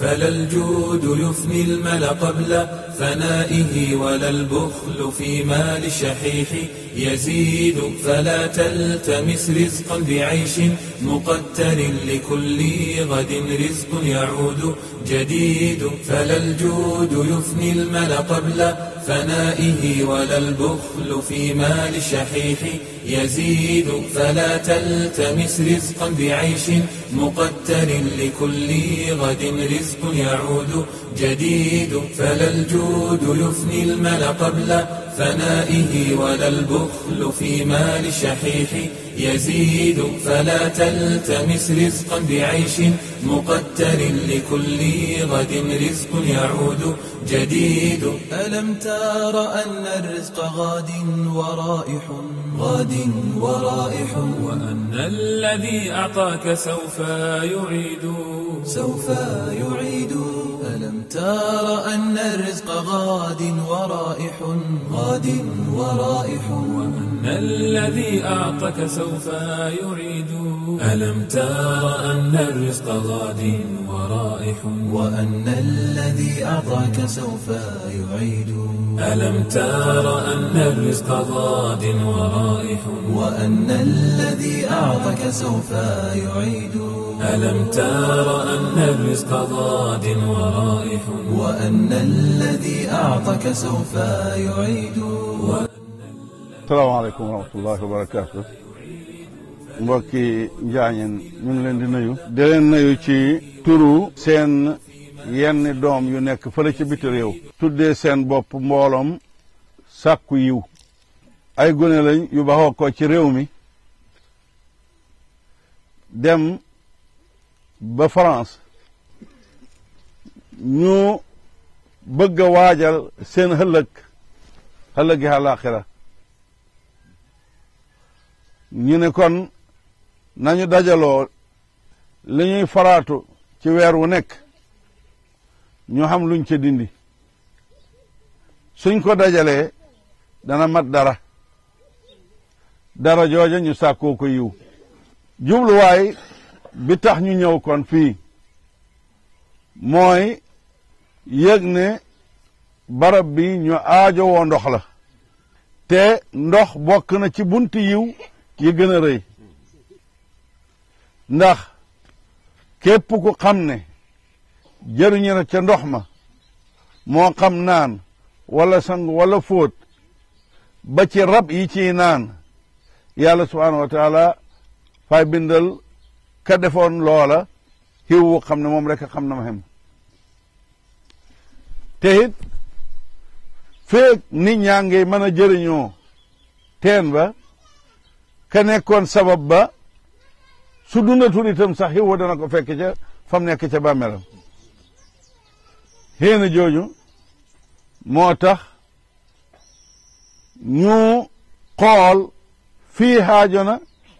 فلا الجود يفني المل قبل فنائه ولا البخل في مال شحيح يزيد فلا تلتمس رزقا بعيش مقتر لكل غد رزق يعود جديد فلا الجود يفني المل قبل فنائه ولا البخل في مال شحيح يزيد فلا تلتمس رزقا بعيش مقتر لكل غد رزق يعود جديد فلا الجود يفني المل قبل فنائه ولا البخل في مال شحيح يزيد فلا تلتمس رزقا بعيش مقتر لكل غد رزق يعود جديد ألم تر أن الرزق غاد ورائح غاد ورائح وأن الذي أعطاك سوف يعيد سوف يعيد ألم تر أن الرزق غاد ورائح غاد ورائح وأن الذي أعطك سوف يعيد ألم تر أن الرزق غاد ورائح وأن الذي أعطاك سوف يعيد ألم تر أن الرزق غاد ورائح وأن الذي أعطاك حقك سوف يعيد ألم تار أن الرزق ضاد ورائح وأن الذي أعطك سوف يعيد السلام عليكم ورحمة الله وبركاته مبارك جاين من لين نيو دي نيو تي تورو سين يين دوم يو نيك فلي تي بيت بوب مبولم ساكو يو لين يو باهو dem ba France ñu bëgg a waajal seen xëllëg xëllëgi àllaaxira ñu ne kon nañu dajaloo li ñuy faraatu ci weer wu nekk ñu xam luñ ca dindi suñ ko dajalee dana mat dara dara jooja ñu sàkkoo ko yiw jubluwaay bi tax ñu ñëw kon fii mooy yëg ne barab bi ñu aajo woo ndox la te ndox bokk na ci bunt yiw yi gën a rëy ndax képp ku xam ne jëriñu na ca ndox ma moo xam naan walla sang wala fóot ba ci rab yi ci naan yàlla subhaanahu wa fay bindal ka defoon loola xiwu xam ne moom rek a xam na ma xem te it feeg nit ñaa ngi mën a jëriñoo teen ba ka nekkoon sabab ba su dundatul itam sax xiwu dana ko fekk ca fa mu nekk ca bàmmeelam xéena jooju moo tax ñu xool fii xaajo na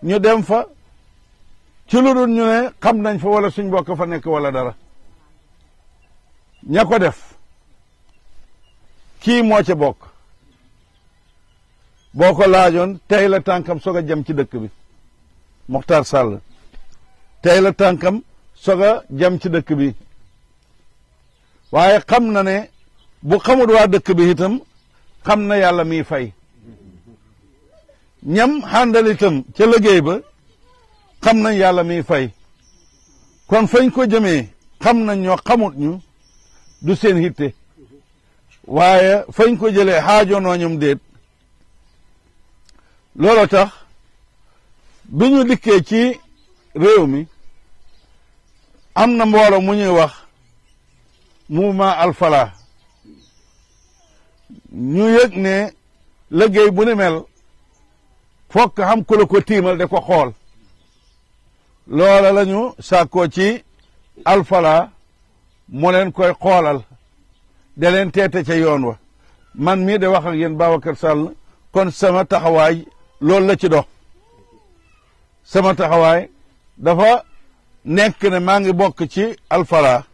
ñu dem fa ci lu ñu ne xam nañ fa wala suñ bokk fa nekk wala dara ña ko def kii moo ca bokk boo ko laajoon tey la tànkam soog a jëm ci dëkk bi Mokhtar Sall tey la tànkam soog a jëm ci dëkk bi waaye xam na ne bu xamut waa dëkk bi itam xam na yàlla miy fay ñam xàndal itam ca liggéey ba xam nañ yàlla miy fay kon fañ ko jëmee xam nañ ñoo xamut ñu du seen hitte waaye fañ ko jëlee xaajoonoo ñum déet loolu tax bi ñu dikkee ci réew mi am na mbooloo mu ñuy wax mouvement alfala ñu yëg ne liggéey bu ni mel fokk xam ku ko tiimal de ko xool loola lañu ñu ci alfala moo leen koy xoolal da leen teete ca yoon wa man mii de wax ak yéen Babacar Sall kon sama taxawaay loolu la ci dox sama taxawaay dafa nekk ne maa ngi bokk ci alfala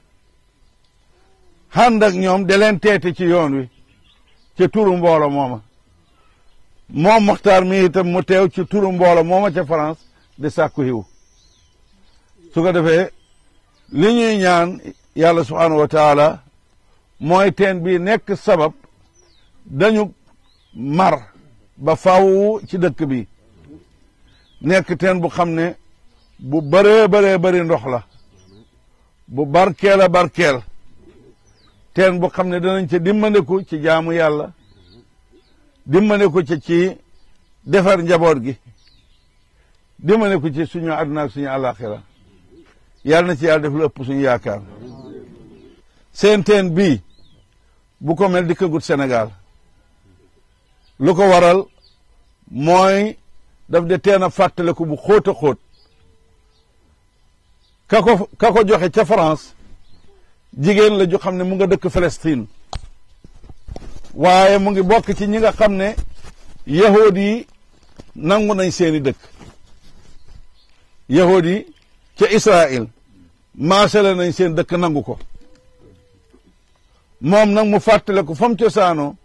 ànd ak ñoom da leen teete ci yoon wi ci turu mboolo mooma moom Moxtaar mi itam mu teew ci turu mboolo mooma ca France di sàkku xiw su ko defee li ñuy ñaan yàlla subhaanahu wa mooy teen bi nekk sabab dañu mar ba faw ci dëkk bi nekk teen bu xam ne bu bëree bëree ndox la bu barkeel a barkeel teen bu xam ne danañ ci dimbandiku ci jaamu yàlla dimbandiku ci ci defar njaboot gi dimbandiku ci suñu àdduna ak suñu àllaaxira yàlla na ci yàlla def lu ëpp suñu yaakaar CNTN bii bu ko mel dikkagut Sénégal lu ko waral mooy daf de teen a fàttaliku bu xóot a xóot ka ko joxe ca France jigéen la ju xam ne mu nga dëkk Palestine waaye mu ngi bokk ci ñi nga xam ne yahood yi nangu nañ seeni dëkk yahood ca Israël maasale nañ seen dëkk nangu ko moom nag mu fàttale ko fa mu cosaanoo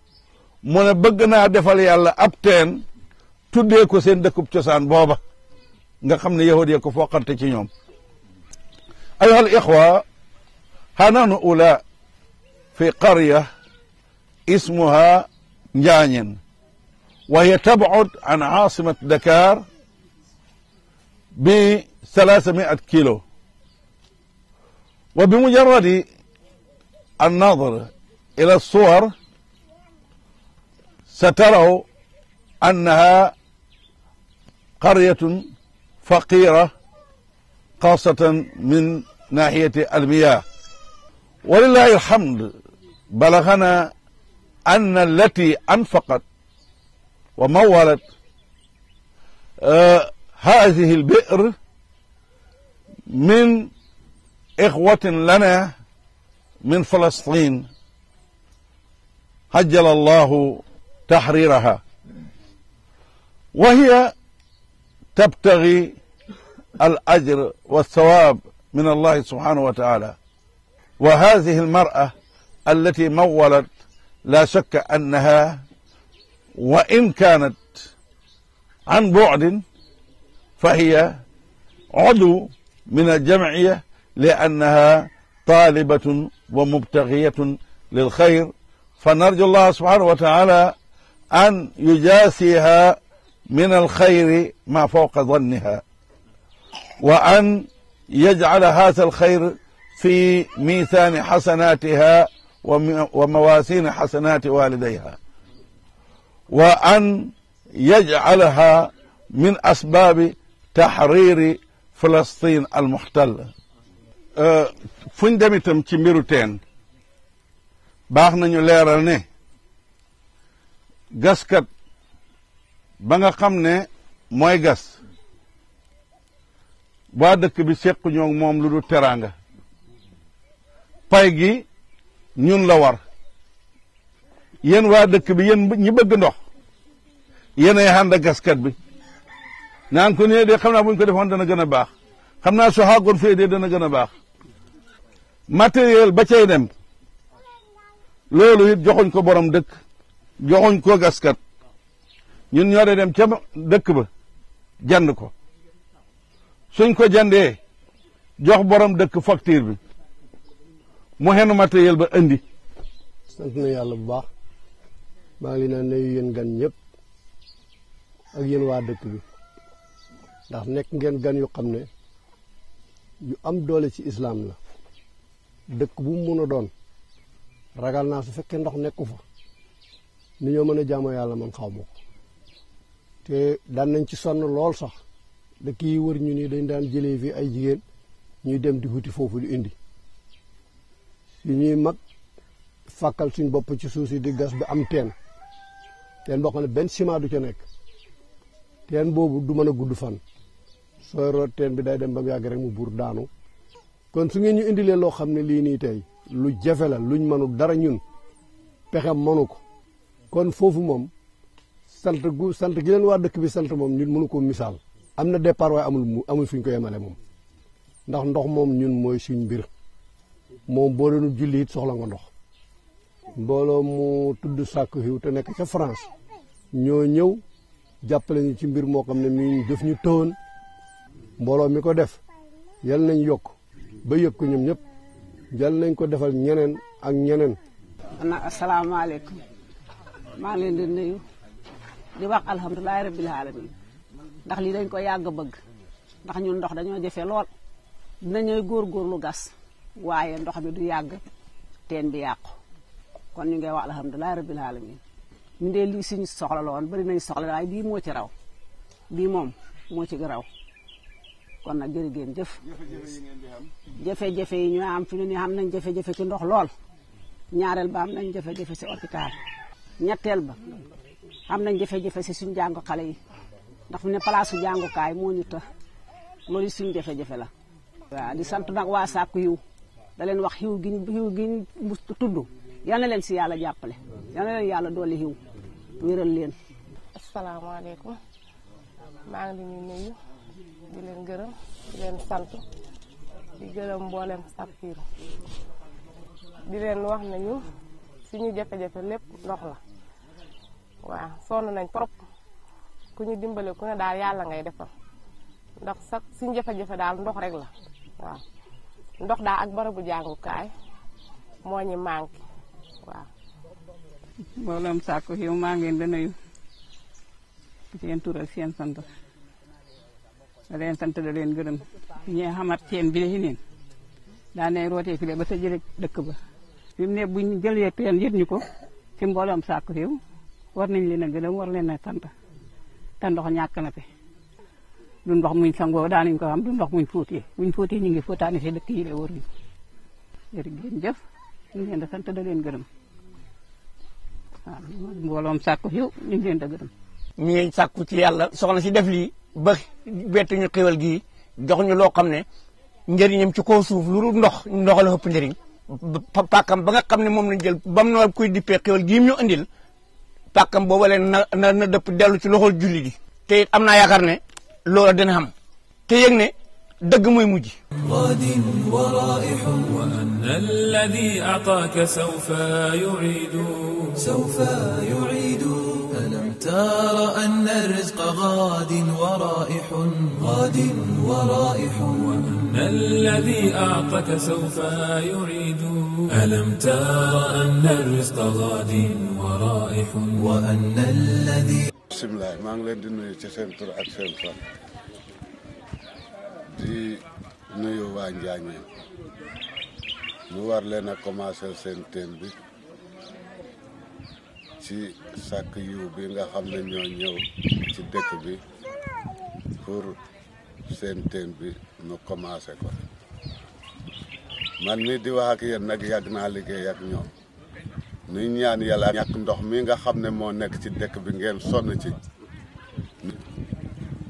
mu ne bëgg naa defal yàlla ab teen tuddee ko seen dëkkub cosaan booba nga xam ne yahud ya ko foqante ci ñoom أيها الإخوة ها نحن أولاء في قرية اسمها نجانين وهي تبعد عن عاصمة دكار ب 300 كيلو وبمجرد النظر إلى الصور ستروا أنها قرية فقيرة خاصة من ناحية المياه ولله الحمد بلغنا أن التي أنفقت ومولت آه هذه البئر من إخوة لنا من فلسطين عجل الله تحريرها وهي تبتغي الأجر والثواب من الله سبحانه وتعالى وهذه المرأة التي مولت لا شك أنها وإن كانت عن بعد فهي عضو من الجمعية لأنها طالبة ومبتغية للخير فنرجو الله سبحانه وتعالى أن يجاسيها من الخير ما فوق ظنها وأن يجعل هذا الخير في ميثان حسناتها وموازين حسنات والديها وأن يجعلها من أسباب تحرير Palestine al muxtal euh, fu ñu dem itam ci mbiru teen baax nañu leeral ne gaskat ba nga xam ne mooy gas waa dëkk bi seq ñoo moom lu du teraanga pay gi ñun la war yéen waa dëkk bi yéen ñi bëgg ndox yéenay ànd gaskat bi naan ko de xam naa bu ñu ko defoon dana gën a baax xam naa su xaagoon fee de dana gën a baax matériel ba cay dem loolu joxuñ ko borom dëkk joxuñ ko gaskat ñun ñoo dem ca dëkk ba jand ko suñ ko jandee jox borom dëkk facture bi mu xenu matériel ba indi sant na yàlla bu baax maa ngi leen di nuyu yéen gan ñëpp ak yéen waa dëkk bi ndax nek ngeen gan yu xamne yu am doole ci islam la dekk bu mu doon ragal na su fekke ndox nekku fa ni ñoo mën a yalla man xaw te daan nañ ci sonn lool sax da yi wër ñu ni dañ daan jëlé fi ay jigeen ñuy dem di huti fofu di indi su ñuy mag fakal suñ bop ci suusi di gas bi am teen teen bokk na ben ciment du ca nekk teen boobu du mën a fan soo teen bi day dem ba mu yàgg rek mu bur daanu kon su ngeen ñu indi loo xam ne lii nii tey lu jafe la luñ manu dara ñun pexe mënu ko kon foofu moom sant gu sant gi leen waa dëkk bi sant moom ñun mënu ko misaal am na départ waaye amul amul fi ko yemale moom ndax ndox moom ñun mooy suñ mbir moom boo doon julli it soxla nga ndox mbooloo mu tudd sàkku xiw te nekk ca France ñoo ñëw jàppale ñu ci mbir moo xam ne mi def ñu tëwoon mbooloo mi ko def yal nañ yokk ba yëg ko ñoom ñëpp yal nañ ko defal ñeneen ak ñeneen. ana asalaamaaleykum maa ngi leen di nuyu di wax alhamdulilah rabbil alamin ndax lii dañ ko yàgg bëgg ndax ñun ndox dañoo jafe lool dinañuy góorgóorlu gas waaye ndox mi du yàgg teen bi yàqu kon ñu ngay wax alhamdulilah rabbil alamin ñu dee lii suñu soxla la bari nañ soxla waaye bii moo ci raw bii moom moo ci raw kon nag jërë gene jëf jafe-jafe yi ñu am fi ñu am nañ jafe-jafe ci ndox lool ñaarel ba am nañ jafe-jafe ci hôpital ñettel ba am nañ jafe-jafe ci suñu jàngu xalé yi ndax ñu ne palaasu kay mo ñu tax loolu suñu jafe-jafe la wa di sant nag waa sàkku yu da leen wax hiw giñ hiw tudu, mu nelen yal na leen ci yalla jàppale yal na leen yalla doli hiw wéral leen alaykum maa ngi leen leen gërëm di leen sant di gërëm mboolem sappiir di leen wax ñu suñu jafe-jafe lépp ndox la waaw sonn nañ trop ku ñu dimbale ku ne daal yàlla ngay defal ndax sax suñu jafe-jafe daal ndox rek la waaw ndox daal ak barabu jàngukaay moo ñu manqué waaw mbooloom sàkku xiw maa di nuyu seen tur ak seen da leen sant da leen gërëm ñee xamat seen bi yi neen daa ne rootee le ba sa jële dëkk ba fi mu ne buñ jëlee peen yët ñu ko ci mbooloom sàkk réew war nañ leen a gërëm war leen a sant te ndox ñàkk na fi du ndox muñ sangoo daanañ ko am du ndox muñ fóotee buñ fóotee ñu ngi fóotaani si dëkk yi le waruñ jërëjëf ñu leen di sant da leen gërëm waaw mbooloom sàkku xiw ñu leen di gërëm. ñu ngi sàkku ci yàlla soxna si def ba bett ñu xéwal gii jox ñu loo xam ne njëriñam ci kaw suuf lu dul ndox ndox la ëpp pakam ba nga xam ne moom lañ jël bam noo kuy dippee xéwal gii ñu indil pàkkam booba leen na na na dëpp dellu ci loxol julli gi te am naa yaakaar ne loola dina am te yëg ne dëgg mooy mujj الذي أعطاك سوف يعيد سوف يعيد ترى أن الرزق غاد ورائح غاد ورائح وأن الذي أعطك سوف يريد ألم ترى أن الرزق غاد ورائح وأن الذي بسم الله ما نقول إنه يتسم طلعت فين فان دي نيو وان نوار لنا كما سلسلتين بي ci sàkk yiw bi nga xam ne ñoo ñëw ci dëkk bi pour seen teen bi nu commencé ko man mii di wax ak yéen nag yàgg naa liggéey ak ñoom nuy ñaan yàlla ñàkk ndox mi nga xam ne moo nekk ci dëkk bi ngeen sonn ci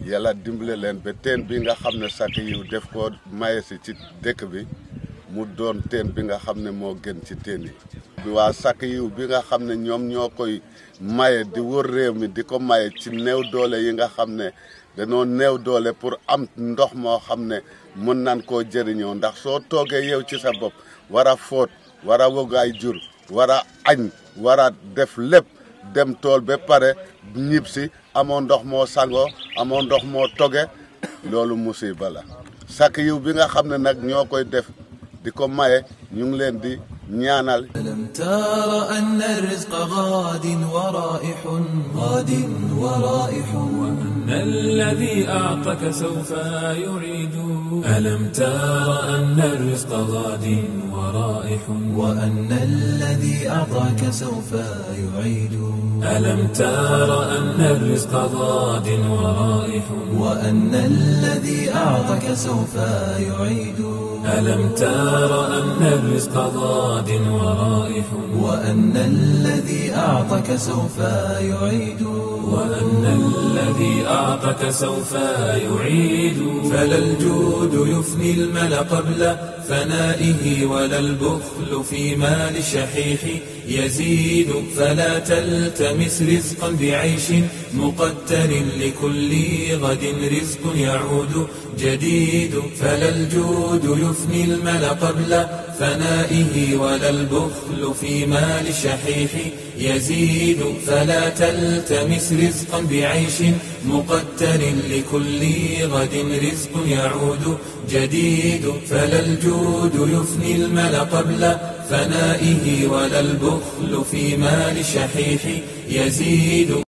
yàlla dimbale leen ba teen bi nga xam ne sàkk yiw def ko maye si ci dëkk bi mu doon teen bi nga xam ne moo gën ci teen yi bi waa sàkk yiw bi nga xam ne ñoom ñoo koy maye di wër réew mi di ko maye ci néew doole yi nga xam ne danoo néew doole pour am ndox moo xam ne mën nan koo jëriñoo ndax soo toogee yow ci sa bopp war a fóot war a jur war a añ war a def lépp dem tool ba pare ñib si amoo ndox moo sangoo amoo ndox moo toge loolu musiba la sàkk yiw bi nga xam ne nag ñoo koy def di ko maye ñu ngi leen di نيانال ألم تر أن الرزق غاد ورائح غاد ورائح وأن الذي اعطاك سوف يريد ألم تر أن الرزق غاد ورائح وأن الذي أعطاك سوف يعيد ألم تر أن الرزق غاد ورائح وأن الذي أعطاك سوف يعيد ألم تر أن الرزق غاد غاد ورائح وأن الذي أعطك سوف يعيد وأن الذي أعطك سوف يعيد فلا الجود يفني المل قبل فنائه ولا البخل في مال الشحيح يزيد فلا تلتمس رزقا بعيش مقتر لكل غد رزق يعود جديد فلا الجود يفني المل قبل فنائه ولا البخل في مال شحيح يزيد فلا تلتمس رزقا بعيش مقتر لكل غد رزق يعود جديد فلا الجود يفني المل قبل فنائه ولا البخل في مال شحيح يزيد